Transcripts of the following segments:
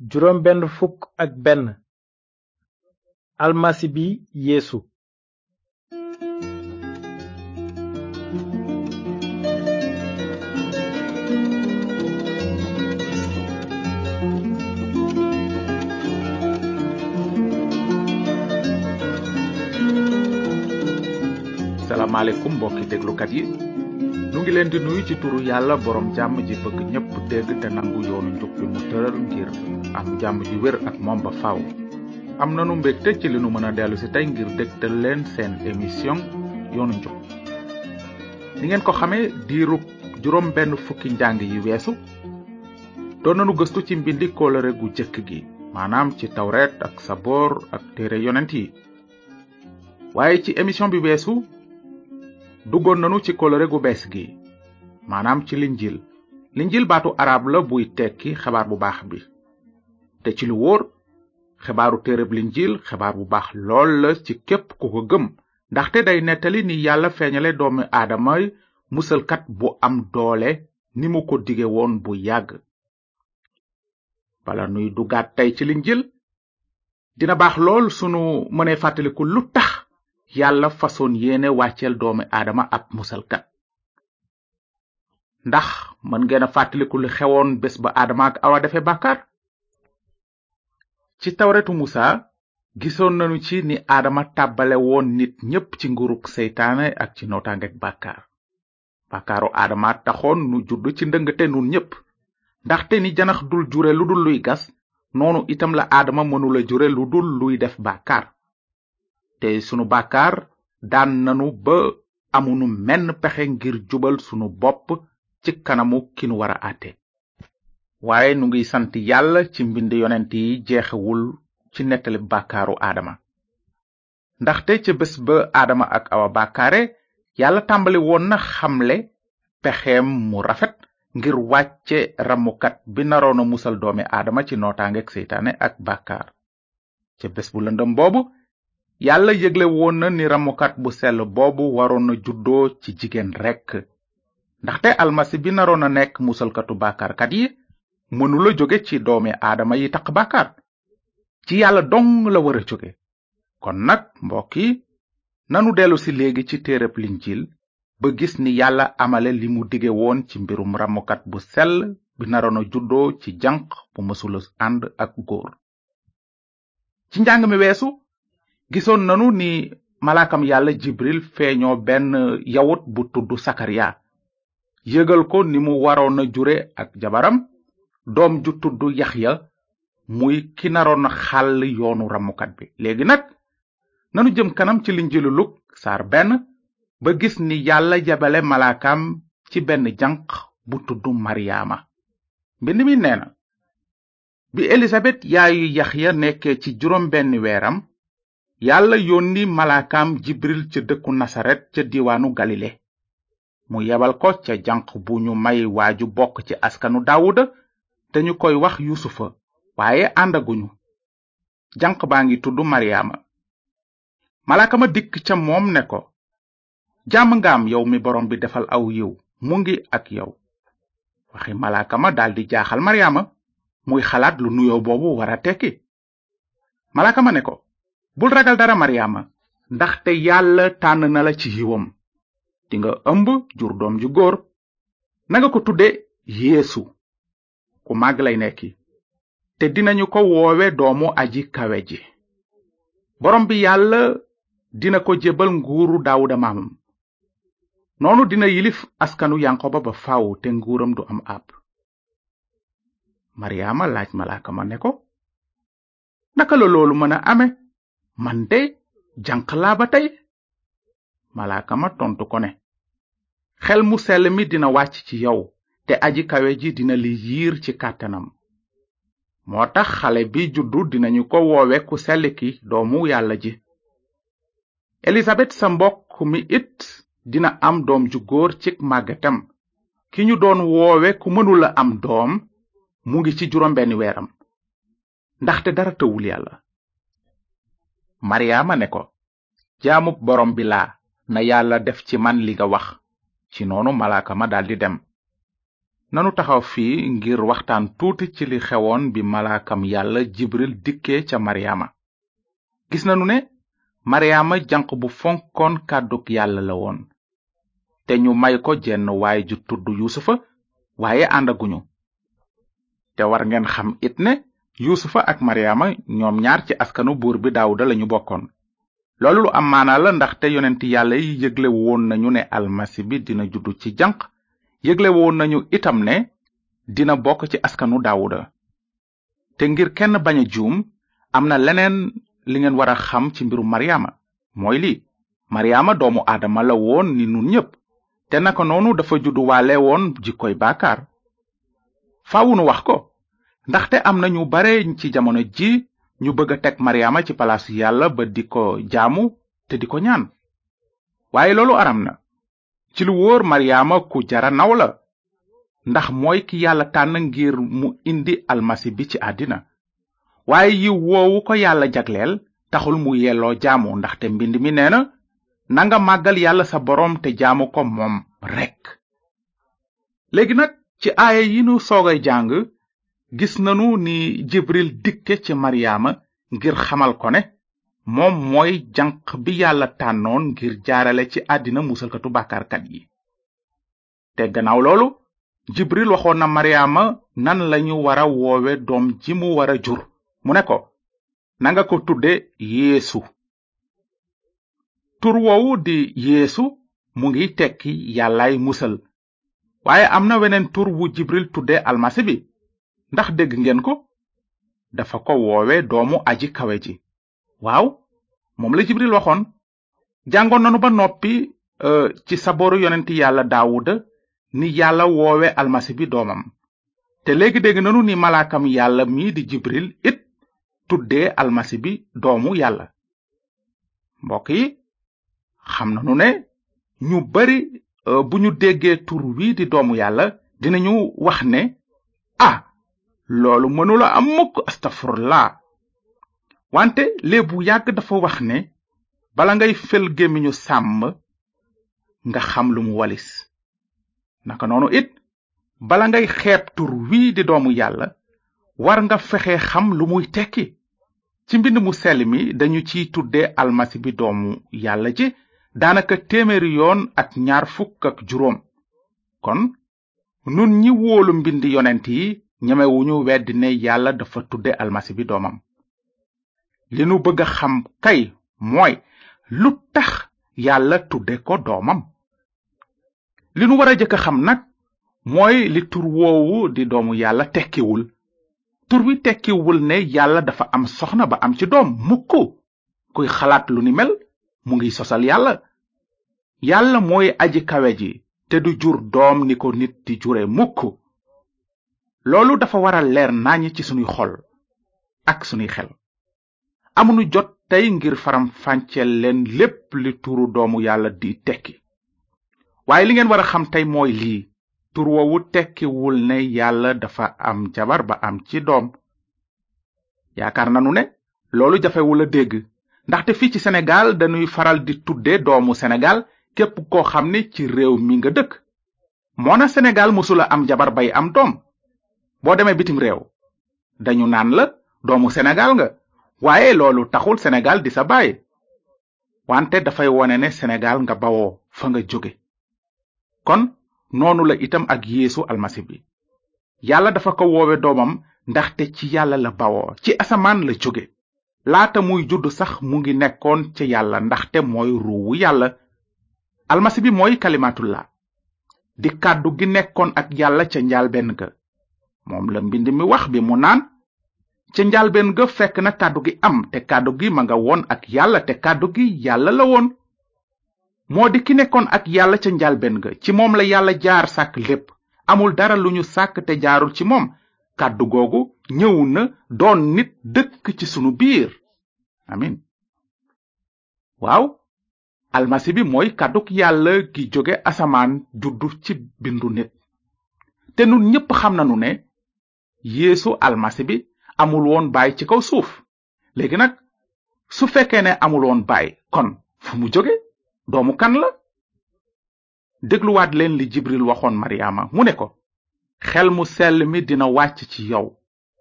juróom benn fukk ak benn almasi bi yéesu salaamaaleykum mbokki déglukat yi nu ngi leen di nuyu ci turu yàlla borom jàmm ji bëgg ñépp dégg te nangu yoonu njub bi mu tëral ngir am jàmm ji wér ak moom ba faaw. am nanu mbégte ci li nu mën a dellu tey ngir dégtal leen seen émission yoonu njub ni ngeen ko xamee diirub juróom benn fukki njàng yi weesu doon nanu gëstu ci mbindi kóllëre gu jëkk gi maanaam ci tawret ak sa boor ak téere yonent yi waaye ci émission bi weesu duggoon nanu ci kolore gu bees gi maanaam ci linjil linjil baatu araab la buy tekki xabaar bu baax bi te ci lu wóor xibaaru téereb linjil xabaar bu baax lool la ci képp ku ko gëm ndaxte day nettali ni yàlla feeñale doomi aadama musalkat bu am doole ni mu ko dige woon bu yàgg bala nuy dugaat tey ci linjil dina baax lool sunu mënee fàttaliku lu tax yàlla fasoon yéene wàcceel doomi aadama ab musalkat ndax mën ngeen a fàttaliku li xewoon bés ba aadama ak awa defe bàkkaar ci tawretu musa gisoon nanu ci ni aadama tàbbale woon nit ñépp ci nguruk seytaane ak ci nootaangek bàkkaar bàkkaaru aadama taxoon nu judd ci ndëngte nun ñépp ndaxte ni janax dul jure lu dul luy gas noonu itam la aadama mënula jure lu dul luy def bàkkaar te sunu bàkkaar daan nanu ba amunu menn pexe ngir jubal sunu bopp ci kanamu kinu nu wara àtte waaye nu ngi sant yàlla ci mbind yonent yi jeexewul ci nettali bàkkaaru aadama ndaxte ca bés ba aadama ak awa bàkkaare yàlla tàmbali woon na xamle pexe mu rafet ngir wàcce ramukat bi naroona musal doomi aadama ci nootaange seytaane ak bàkkaar ca bu lëndëm boobu yàlla yëgle woon na ni ramukat bu sell boobu waroon na juddoo ci jigéen rekk ndaxte almasi bi naroon a nekk musalkatu bàkkaarkat yi mënula jóge ci doomi aadama yi tax bàkkaar ci yàlla dong la war a jóge kon nag mbokk yi nanu dellu si léegi ci téereb linjiil ba gis ni yàlla amale limu mu woon ci mbirum ramukat bu sell bi naroon a juddoo ci janq bu mësula ànd ak góor ci njàng mi weesu gisoon nanu ni malaakam yàlla jibril feeñoo benn yawut bu tudd sakariya yëgal ko ni mu waroon a jure ak jabaram doom ju tudd yaxya muy ki naroon xàll yoonu ramukat bi léegi nag nanu jëm kanam ci linjilu luk saar benn ba gis ni yàlla jabale malaakam ci benn janq bu tudd maryaama mbind mi nee na bi elisabet yaayu yaxya nekkee ci juróom benn weeram yàlla yónni malaakaam jibril ca dëkku nasaret ca diwaanu galile mu yebal ko ca janq bu ñu may waaju bokk ci askanu daawuda te ñu koy wax yusufa waaye àndaguñu janq baa ngi tudd maryaama malaaka ma dikk ca moom ne ko jàmm ngam yow mi borom bi defal aw yiw mu ngi ak yow waxi malaaka ma daldi jaaxal maryaama muy xalaat lu nuyoo boobu wara tekki malaaka ma ne ko bul ragal dara maryaama ndaxte yàlla tànn na la ci yiwam dinga ëmb jur doom ju góor nanga ko tudde yeesu ku mag lay nekki te dinañu ko woowe doomu aji kawe ji borom bi yàlla dina ko jébal nguuru daawuda maamam noonu dina yilif askanu yanqoba ba faaw te nguuram du am àpp maryaama laaj malaaka ne ko naka la loolu mën a ame man de janq laa ba tey malaaka tontu ko ne xel mu sell mi dina wàcc ci yow te aji kawe ji dina li yiir ci kàttanam moo tax xale bi juddu dinañu ko woowe ku sell ki doomu yàlla ji elisabet sa mbokk mi it dina am doom ju góor ci màggatam ki ñu doon woowe ku mënula am doom mu ngi ci juróom benn weeram ndaxte dara tëwul yàlla maryaama ne ko jaamub borom bi na yàlla def ci man li wax ci noonu malaaka ma di dem nanu taxaw fii ngir waxtaan tuuti ci li xewoon bi malaakam yàlla jibril dikkee ca maryaama gis nanu ne maryaama janq bu fonkoon kàddug yàlla la woon te ñu may ko jenn waay ju tudd yusufa waaye àndaguñu te war xam it ne yusufa ak maryaama ñoom ñaar ci askanu buur bi daawuda lañu bokkoon loolu lu am maanaa la ndaxte yonent yàlla yi yëgle woon nañu ne almasi bi dina juddu ci janq yëgle woon nañu itam ne dina bokk ci askanu daawuda te ngir kenn bañ a juum am na leneen li ngeen war a xam ci mbiru maryaama mooy lii maryaama doomu aadama la woon ni nun ñépp te naka noonu dafa judduwaale woon jikkoy baakaar faawu nu wax ko ndaxte am na ñu bare ci jamono ji ñu bëgg a teg maryaama ci palaasu yàlla ba di ko jaamu te di ko ñaan waaye loolu aram na ci lu wóor maryaama ku jara naw la ndax mooy ki yàlla tànn ngir mu indi almasi bi ci àddina waaye yiw woowu ko yàlla jagleel taxul mu yelloo jaamu ndaxte mbind mi nee na nanga màggal yàlla sa boroom te jaamu ko moom rekk léegi nag ci aaya yi nu soogay jàng gis nanu ni jibril dikke ci maryaama ngir xamal ko ne moom mooy janq bi yàlla tànnoon ngir jaarale ci àddina musalkatu bàkkaarkat yi te gannaaw loolu jibril waxoon na maryaama nan lañu wara woowe doom ji mu wara jur mu ne ko nanga ko tudde yeesu tur woowu di yeesu mu ngi tekki yàllaay musal waaye am na weneen tur wu jibril tudde almasi bi ndax dégg ngeen ko dafa ko woowe doomu aji kawe ji waaw moom la jibril waxoon jàngoon nanu ba noppi e, ci saboru yonent yàlla daawuda ni yàlla woowe almasi bi doomam te léegi dégg nanu ni malaakam yàlla mii di jibril it tuddee almasi bi doomu yàlla mbokk yi xam nanu ne ñu bari e, bu ñu déggee tur wi di doomu yàlla dinañu wax ne ah loolu mënula am mukk astafurlaa wante léeb bu yàgg dafa wax ne bala ngay fel gémmiñu sàmm nga xam lu mu walis naka noonu it bala ngay xeeb tur wii di doomu yàlla war nga fexe xam lu muy tekki ci mbind mu sell mi dañu ciy tudde almasi bi doomu yàlla ji daanaka téeméeri yoon ak ñaar fukk ak juróom kon nun ñi wóolu mbind yonent yi ñemewuñu weddi ne yàlla dafa tudde almasi bi doomam li nu bëgg a xam kay mooy lu tax yàlla tudde ko doomam li nu war a jëkk a xam nag mooy li tur woowu di doomu yàlla tekkiwul tur wi tekkiwul ne yàlla dafa am soxna ba am ci doom mukk kuy xalaat lu ni mel mu ngi sosal yàlla yàlla mooy aji kawe ji te du jur doom ni ko nit di jure mukk loolu dafa war leer naññ ci sunuy xol ak sunuy xel amuñu jot tey ngir faram fàcceel leen lépp li tuuru doomu yàlla di tekki waaye li ngeen war a xam tey mooy lii tuur woowu tekkiwul ne yàlla dafa am jabar ba am ci doom yaakaar nanu ne loolu jafewul a dégg ndaxte fii ci Sénégal dañuy faral di tudde doomu senegal képp koo xam ne ci réew mi nga dëkk moona Sénégal mësula am jabar bay am doom boo demee bitim réew dañu naan la doomu Sénégal nga waaye loolu taxul senegal di sa baay wante dafay wone ne Sénégal nga bawoo fa nga jóge kon noonu la itam ak yéesu almasi bi yàlla dafa ko woowe doomam ndaxte ci yàlla la bawoo ci asamaan la jóge laata muy judd sax mu ngi nekkoon ca yàlla ndaxte mooy ruuwu yàlla almasi bi mooy kalimaatullah di kàddu gi nekkoon ak yàlla ca njaal benn ka moom la mbind mi wax bi mu naan ca njalbeen ga fekk na kàddu gi am te kàddu gi ma nga woon ak yàlla te kàddu gi yàlla la woon moo di ki nekkoon ak yàlla ca njalbeen ga ci moom la yàlla jaar sàkk lépp amul dara lu ñu sàkk te jaarul ci moom kàddu googu ñëw na doon nit dëkk ci sunu biir amin waaw almasi bi mooy kàdduk yàlla gi jóge asamaan juddu ci bindu nit te nun ñëpp xam nanu ne yéesu almasi bi amul woon baay ci kaw suuf léegi nag su fekkee ne amul woon baay kon fu mu jóge doomu kan la dégluwaat leen li jibril waxoon maryaama mu ne ko xel mu sell mi dina wàcc ci yow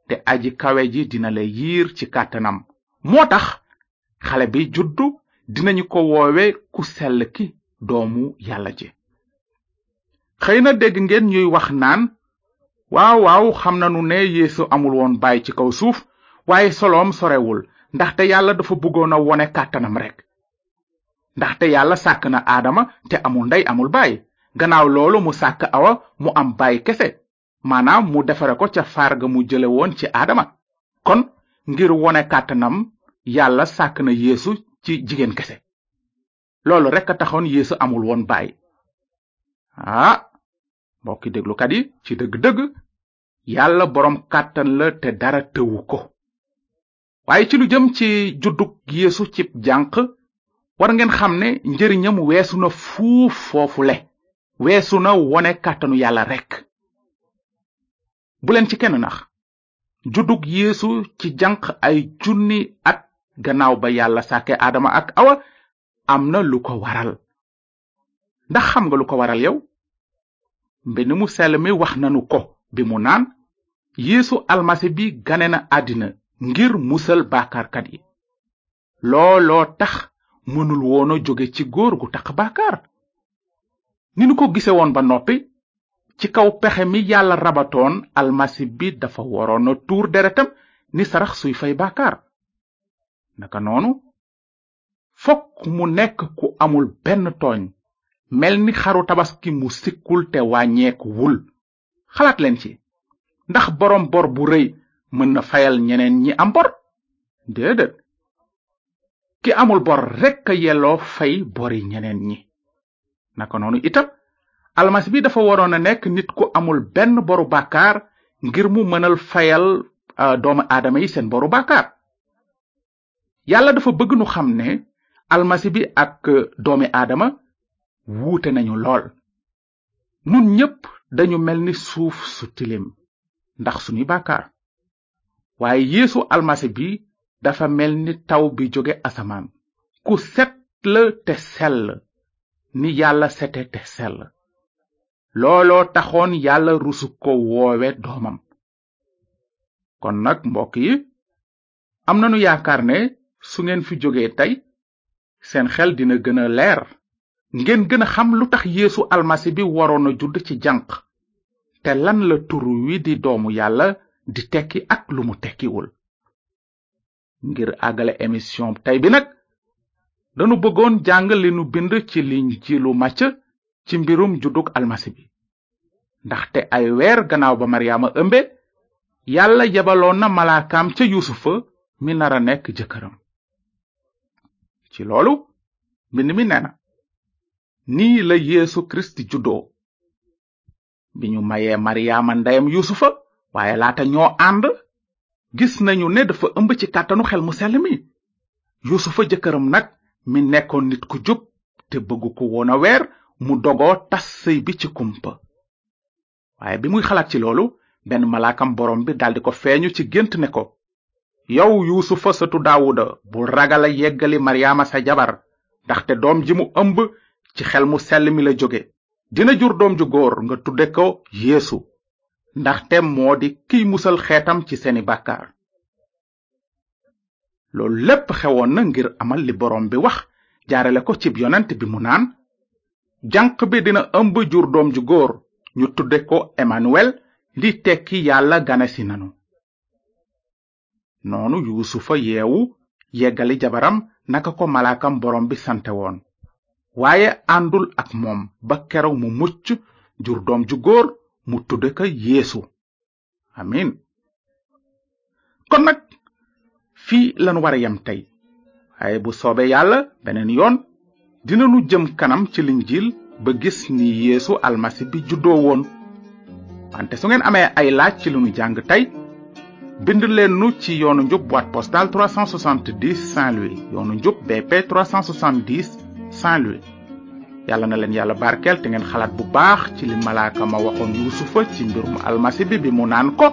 te aji kawe ji dina la yiir ci kàttanam moo tax xale bi juddu dinañu ko woowe ku sell ki doomu yàlla ci xëy na dégg ngeen ñuy wax naan waaw waaw xam na nu ne yéesu amul woon baay ci kaw suuf waaye soloom sorewul ndaxte yàlla dafa bëggoon a wone kàttanam rek ndaxte yàlla sàkk na aadama te amul ndey amul baay gannaaw loolu mu sàkk awa mu am baay kese maanaam mu defare ko ca farga mu jële woon ci aadama kon ngir wone kàttanam yàlla sàkk na yéesu ci jigéen kese loolu rek a taxoon yeesu amul woon baay ah mbokki déglukat yi ci dëgg-dëgg yàlla boroom kàttan la te dara tëwu ko waaye ci lu jëm ci juddug yeesu cib jànq war ngeen xam ne njëriñam weesu na fuuf foofule weesu na wone kàttanu yàlla rekk bu leen ci kenn nax juddug yéesu ci jànq ay junni at gannaaw ba yàlla sàkke aadama ak awa am na lu ko waral ndax xam nga lu ko waral yow mbind mu sell mi wax nanu ko bi mu naan yéesu almasi bi gane na àddina ngir musal baakaarkat yi looloo tax mënul woona jóge ci góor gu taq baakaar ni nu ko gise woon ba noppi ci kaw pexe mi yàlla rabatoon almasi bi dafa waroon a tuur deretam ni sarax suy fay baakaar naka noonu fokk mu nekk ku amul benn tooñ mel ni xaru tabaski mu sikkul te wàññeekuwul xalaat leen ci ndax boroom bor bu rëy mën na fayal ñeneen ñi am bor déedéet ki amul bor rekk a yelloo fay bori ñeneen ñi naka noonu itam almas bi dafa waroon a nekk nit ku amul benn boru bàkkaar ngir mu mënal fayal doomu aadama yi seen boru bàkkaar yàlla dafa bëgg nu xam ne almasi bi ak doomi aadama wuute nañu lool nun ñépp dañu mel ni suuf su tilim ndax suñuy bàkkaar waaye yéesu almasi bi dafa mel ni taw bi jóge asamaan ku set la te sell ni yàlla sete te sell looloo taxoon yàlla rusu ko woowe doomam kon nag mbokk yi am nanu yaakaar ne su ngeen fi jógee tey seen xel dina gën a leer ngeen gën a xam lu tax yéesu almasi bi waroon a judd ci janq te lan la tur wi di doomu yàlla di tekki ak lu mu tekkiwul ngir àggale émission tey bi nag danu bëggoon jàng li nu bind ci linjilu màcc ci mbirum juddug almasi bi ndaxte ay weer gannaaw ba maryaama ëmbe yàlla yebaloon na malaakaam ca yuusufa mi nara nekk jëkkëram ci loolu mbind mi nee nii la yeesu kristi juddoo bi ñu mayee maryaama ndeyam yusufa waaye laata ñoo ànd gis nañu ne dafa ëmb ci kàttanu xel mu sell mi yusufa jëkkëram nag mi nekkoon nit ku jub te bëgg ko woon a weer mu dogoo tas sëy bi ci kumpa waaye bi muy xalaat ci loolu benn malaakam borom bi daldi ko feeñu ci gént ne ko yow yuusufa sëtu daawuda bu ragal a yeggali maryaama sa jabar ndaxte doom ji mu ëmb ci xel mu sell mi la jóge dina jur doom ju góor nga tudde ko yeesu ndaxte moo di kiy musal xeetam ci seeni bàkkaar loolu lépp xewoon na ngir amal li boroom bi wax jaarale ko cib yonent bi mu naan janq bi dina ëmb jur doom ju góor ñu tudde ko emmanuel li tekki yàlla ganesi nanu noonu yuusufa yeewu yeggali jabaram naka ko malaakam boroom bi sante woon waaye àndul ak moom ba keroog mu mucc jur doom ju góor mu tudd ko yéesu amin kon nag fii lan war a yem tey waaye bu soobee yàlla beneen yoon dina nu jëm kanam ci linjiil ba gis ni yéesu almasi bi juddoo woon wante su ngeen amee ay laaj ci li nu jàng tey bind leen nu ci yoonu njub boîte postale 370 Saint-Louis yoonu njub BP 370 Saint-Louis yàlla na leen yàlla barkeel te ngeen xalaat bu baax ci li malaaka ma waxoon yuusufa ci mbirum almasi bi bi mu naan ko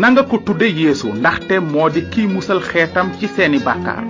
nanga ko tudde yeesu ndaxte moo di kiy musal xeetam ci seeni bàkkaar